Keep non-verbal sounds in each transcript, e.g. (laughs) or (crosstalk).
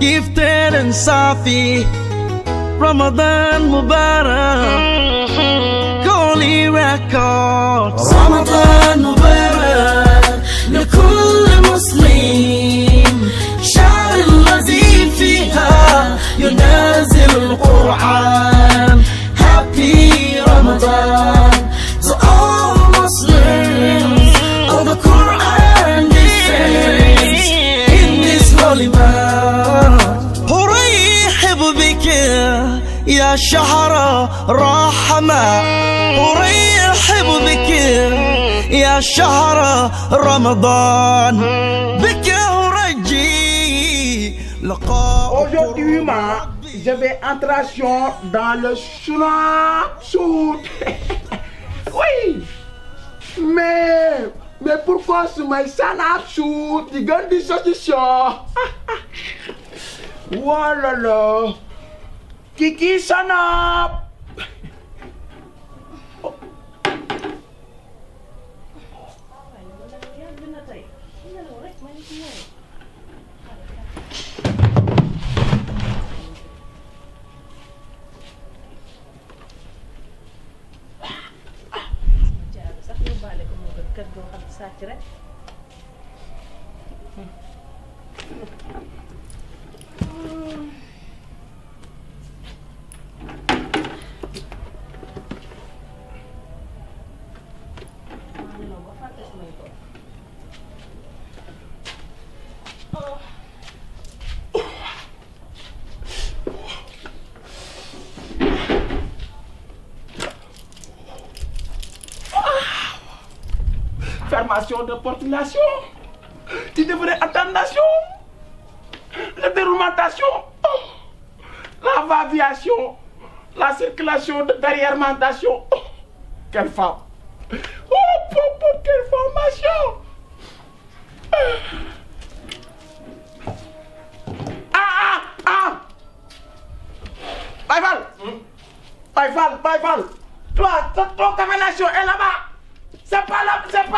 gifted and Safi Ramadan Mubarak Holy Records Ramadan Mubarak لكل مسلم شعر الذي فيها ينازل القرآن Happy Ramadan Chahara Rahama Réel Hibou Bekir Ya Chahara Ramadan Bekir Raji Aujourd'hui ma Je vais entrer Dans le salap Soud (laughs) Oui Mais pourquoi Ce salap Soud Il gagne des saucissons (laughs) Oh la la Kiki, shut up! de portulation. Tu devrais attendre La déroulementation. La vaviation. La circulation de derrière-mentation. Quelle femme. Oh, quelle formation. Ah, ah, ah. Hmm? Toi, ton, est là-bas. C'est pas là, c'est pas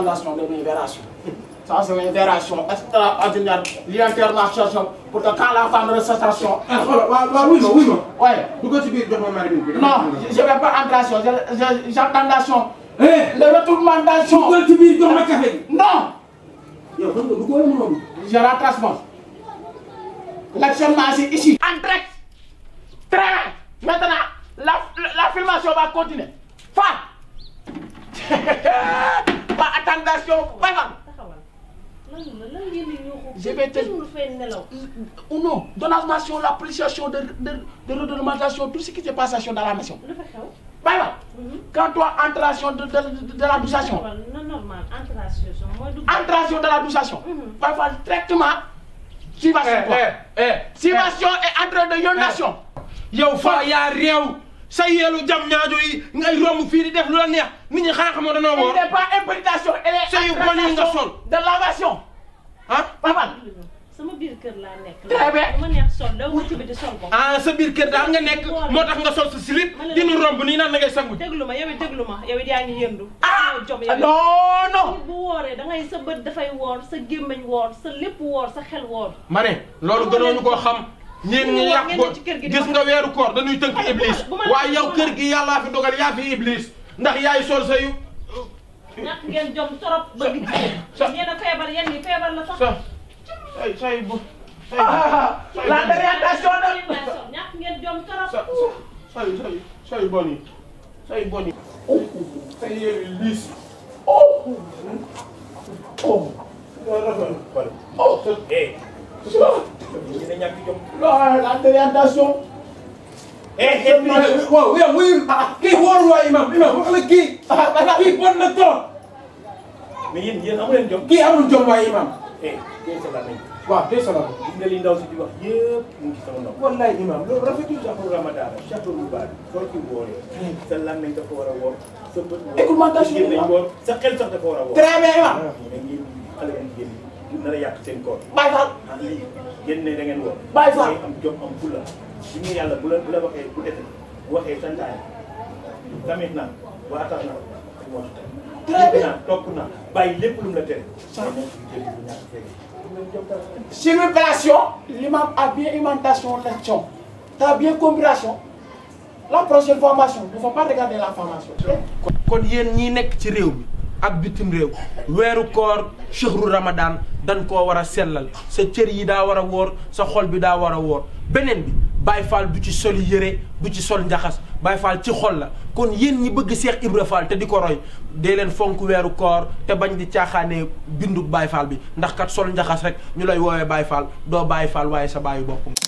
condamnation de libération. Ça, c'est une libération extraordinaire. L'intermarchation. Pour que quand la femme ressuscitation. Ah, oui, oui, oui. Oui. Pourquoi tu veux dire Non, je ne vais pas en création. J'attends nation. Eh! Le retournement d'action. Pourquoi tu veux dire ma café Non. Je rattracement. L'action est ici. En direct. Très bien. Maintenant, la, la, la filmation va continuer. fa (laughs) ou non donation mhm. la nation de de de tout ce qui se passe dans la nation quand toi entration de de de la douchation normal entration de la douchation Si directement situation est eh. entre de yon nation y a rien rien. sa yeelu jam ñaajo yi ngay romb fii di def lu la neex mu ñi xanaa xamoo danoo woor. elle n'est pas imputation elle est. sa yu bon yi nga ah kër laa nekk. très bien ma neex ah, sa biir kër daal nga nekk moo tax nga sol sa slip dinu romb nii naan na ngay sangu. déglu ma yow it déglu ma yow yi yaa ngi yëndu. ah non non. bu wooree da ngay sa bët dafay woor sa gémmiñ woor sa lépp woor sa xel woor. ma ne loolu gënoon ñu ko xam. ñeen ñi yàq ko gis nga weeru koor dañuy tënk iblis waaye yow kër gi yàllaa fi dogal yaa fi iblis ndax yaay sol sa yu. ñàkk ngeen jom trop bëgg jigéen. sa ñeen a feebar yéen ñi feebar la sax. sa say say bu. Ah, ngeen jom trop. sa say say say bon yi say ñu ne ñàkk jom l'orientation eh eh waaw yow wuyu kii wóorul waa kii kii bon na trop mais yéen yéen amu leen jom kii amul jom waa imam eh tey soxla nañ waaw tey soxla ko gis nga li ndaw si di wax yëpp mu imam loolu rafetul saxul ramadaan saxul sa làmmiñ a woor sa a woor très nar a yàq seen koor. Baye Fall. ah lii yéen ne da ngeen woon. Baye Fall am jom am fulla bi ñu yàlla bu la bu la waxee bu defee bu waxee santaane tamit naa waatal naa moo très bien naa topp naa bàyyi lépp lu mu la tere. Célébration, l'imam a bien alimentation, l'action. Tu as bien compréhension. La prochaine formation, nous ne faut pas regarder la formation. kon yéen ñi nekk ci réew mi ak bitim réew weeru koor chehru ramadan dañ koo war a sellal sa cër yi daa war a wóor sa xol bi daa war a wóor beneen bi Baye Fall du ci sol yëre du ci sol njaxas Baye Fall ci xol la kon yéen ñi bëgg Cheikh Ibra Fall te di ko roy dee leen fonk weeru koor te bañ di caaxaanee bindu baay faal bi ndax kat sol njaxas rek ñu lay woowee Baye Fall doo Baye Fall waaye sa baayu boppum